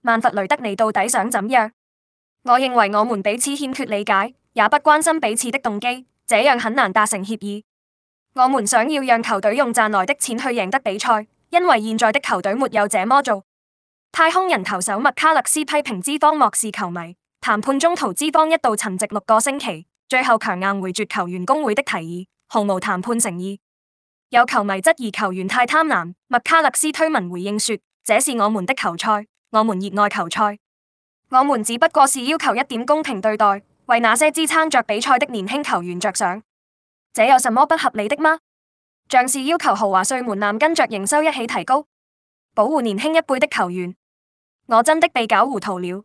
曼佛雷德尼到底想怎樣？我認為我們彼此欠缺理解，也不關心彼此的動機，這樣很難達成協議。我們想要讓球隊用賺來的錢去贏得比賽，因為現在的球隊沒有這麼做。太空人投手麥卡勒斯批評資方漠視球迷。談判中途，資方一度沉寂六個星期，最後強硬回絕球員工會的提議，毫無談判誠意。有球迷質疑球員太貪婪，麥卡勒斯推文回應說：這是我們的球賽。我們熱愛球賽，我們只不過是要求一點公平對待，為那些支撐着比賽的年輕球員着想，這有什麼不合理的嗎？像是要求豪華稅門檻跟着營收一起提高，保護年輕一輩的球員，我真的被搞糊塗了。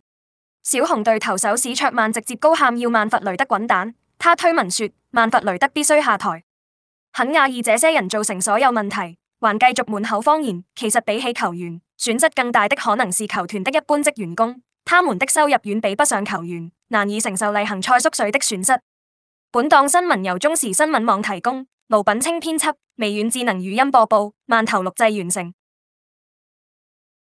小紅隊投手史卓曼直接高喊要曼佛雷德滾蛋，他推文說曼佛雷德必須下台，很訝異這些人造成所有問題，還繼續滿口謊言。其實比起球員。損失更大的可能是球團的一般職員工，他們的收入遠比不上球員，難以承受例行賽縮水的損失。本檔新聞由中時新聞網提供，盧品清編輯，微軟智能語音播報，萬頭錄製完成。